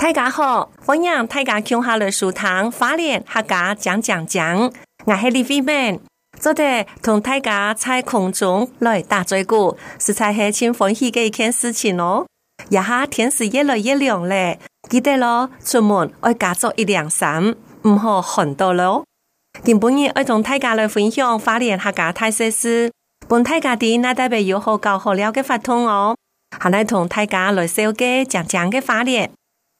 大家好，歡迎大家共下來收聽花蓮客家講講講，我係李飛明。昨天同大家在空中來打嘴鼓，實在係千歡喜個一件事情咯、哦。而家天時越來越涼了，記得咯，出門愛加着一兩衫，唔好寒到咯。今晡日我同大家來分享花蓮客家大細事，本客家點那代表有好教好料嘅法通哦，好來同大家來收個講講嘅花蓮。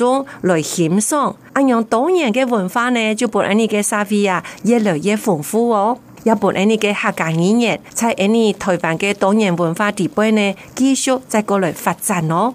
中來衍生，按樣多元嘅文化呢，就撥你嘅社會啊，越來越豐富哦，又撥你嘅客家語言，在你台灣嘅多元文化底背呢，繼續再過來發展咯。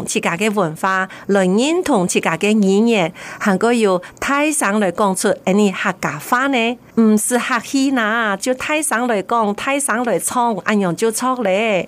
自家嘅文化，論言同自家嘅語言，行過要泰省來講出，你客家話呢？唔是客氣啦，就泰省來講，泰省來唱，咁樣就錯咧。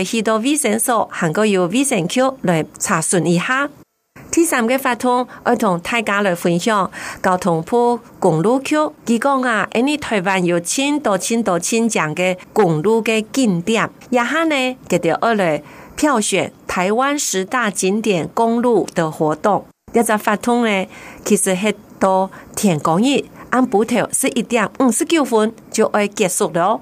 去到衛生所行過有衛生局來查詢一下。第三個活動，要同大家來分享交通部公路局，據講啊，你台灣有千多千多千長嘅公路嘅景點，以下呢就就我嚟票選台灣十大景點公路嘅活動。動呢個活動呢其實係到天光日，按部頭十一點五十九分就愛結束了，哦。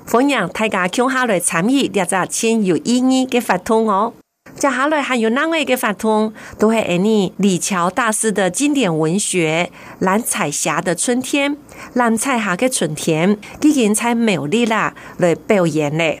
歡迎大家接下來參與，這只有意義嘅活動哦。接下來還有另外嘅活動，都安呢李喬大師的經典文學《藍彩霞的春天》，藍彩霞嘅春天，佢今次美麗啦來表演咧。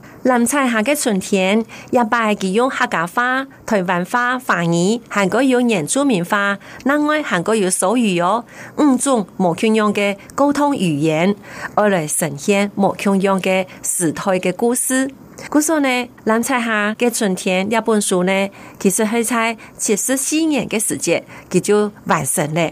林彩霞嘅春天，入邊係幾客家話台灣話、繁爾，還嗰有原住民話，另外還嗰有手語哦，五種冇同樣嘅溝通語言，而來呈現冇同樣嘅時代嘅故事。故、就是、說呢，林彩霞嘅春天這本書呢，其實係在七十四年嘅時節，佢就完成了。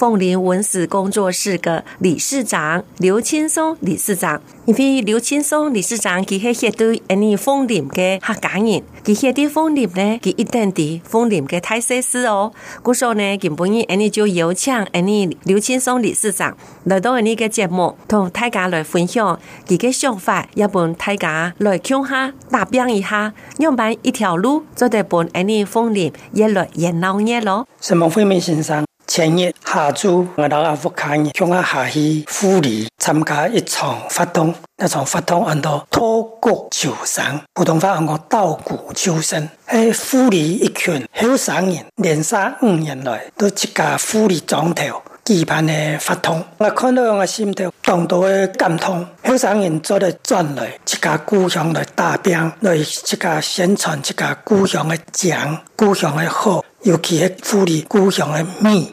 鳳林文史工作室的理事長劉青松理事長，因為劉青松理事長他是一對安尼鳳林的客家人，佢些啲鳳林咧，佢一定對鳳林的太設施哦。故說呢，佢本意安尼就邀請安尼劉青松理事長來到安尼個節目，同大家來分享佢個想法，要幫大家來搶下打拼一下，讓辦一條路，做得幫安尼鳳林越來越熱鬧咯。什麼惠民行動？前日下注，我到家唔開嘢，響阿溪富里參加一場活動。那場活動很多脫穀求生，普通話我稻穀求生，富里一群好心人，連續五年來都參加富里莊頭舉辦的活動，我看到我的心頭咚咚嘅感動，好心人做嘅轉來，一家故鄉的大邊，嚟一家宣傳一家故鄉的強，故鄉的好，尤其喺富里故鄉的美。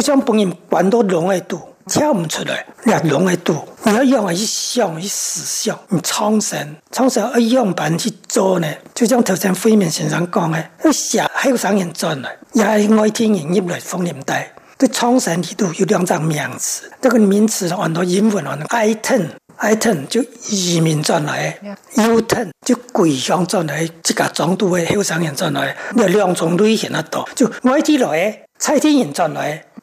就像幫人關到籠嘅度跳不出來，你籠嘅度，你要養一相一死相，你創新。創新要樣本去做呢？就像頭先慧明先生講的，要寫後生人轉來，也係外天人入來封林地。對創新嚟度有兩種名詞，呢、那個名詞用到英文用到 I turn，I turn 就移民轉嚟、yeah.；u turn 就鬼鄉轉來，即個撞到的後生人轉嚟，有兩種類型嘅多，就外地來，蔡天人轉來的。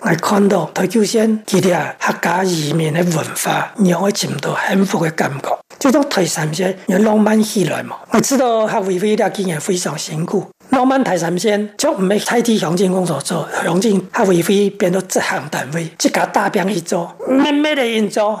我看到台九線佢哋客家移民的文化，讓我見到幸福的感覺。這種台三線有浪漫起來。我知道客委會的嘅經營非常辛苦，浪漫台三線即唔係太注重工作做，注重客委會變到執行單位，一家大餅去做，咩咩嚟運作。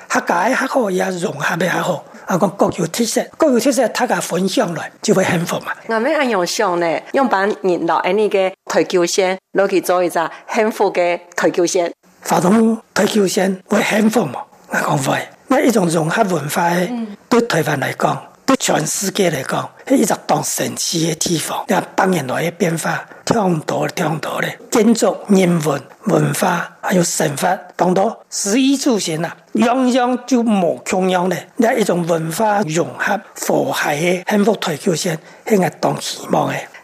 客家客話也融合俾黑河，啊個各有特色，各有特色，大家分享嚟就會幸福嘛。我咩按樣咧，用把熱絡呢嘅退休先攞去做一隻幸福嘅退休先。發動退休先會幸福冇？我講會。那一種融合文化、嗯、對台灣來講。對全世界來講，係一個當神奇的地方。當年來嘅變化，太多太多咧，建築、人文文化，還有神佛，當到衣食住行啊，樣樣就冇窮樣的那一種文化融合和諧嘅幸福台階先係我當希望嘅。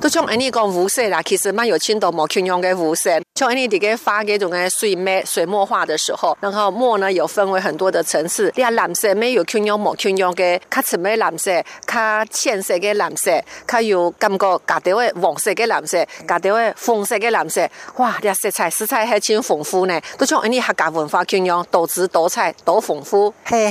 都像安尼講五色啦，其實蠻有千種、萬千種的五色。像安尼這個畫嘅種嘅水墨、水墨畫的時候，然後墨呢又分為很多的層次。你啊藍色沒有千種、萬千種的，較淺嘅藍色，較淺色的藍色的，它有感覺加到的黃色的藍色，加到的紅色的藍色。哇，你啊色彩，色彩還真豐富呢。都像安尼客家文化千種，多姿多彩，多豐富。嘿。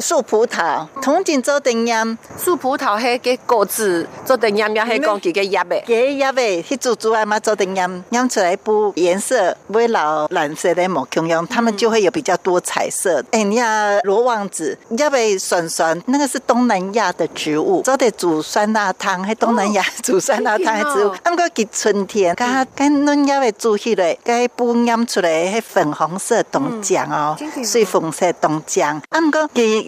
樹葡萄，同種做點染。樹葡萄迄個果子做點染，也係講幾個葉唄。幾葉唄，去煮煮啊嘛做點染，染出來一部顏色，袂老藍色的木樣樣，他們就會有比較多彩色。哎、嗯嗯嗯，你啊羅望子，葉唄酸酸，那個是東南亞的植物，做滴煮酸辣湯，喺、哦、東南亞、哦、煮酸辣湯的植物。啊、哦，唔過幾春天，佮佮嫩葉的煮起來，佮伊半染出來，迄粉紅色凍漿、嗯、哦，水紅色凍漿。啊，唔過幾。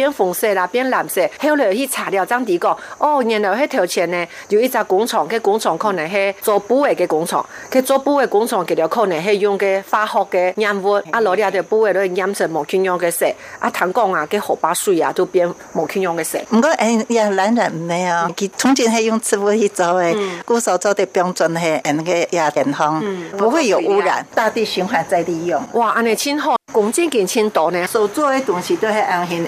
變紅色啦，變藍色，後來去查了當地個，哦，原來去偷錢呢，有一隻工廠，個工廠可能是做部位的工廠，去做部位工廠，佢哋可能係用的化學的染物的，啊，落了的部位鞋落染成毛圈用的色，啊，彈光啊，佢好白水啊，都變毛圈用的色。唔過誒，也懶人咩啊？佢從前係用植物去做嘅，嗯，所做的標準係誒，個亞健康、嗯健康嗯，不會有污染，嗯嗯、大地循環再利用。哇，安尼真好，公建跟簽到呢，所做的東西都係安心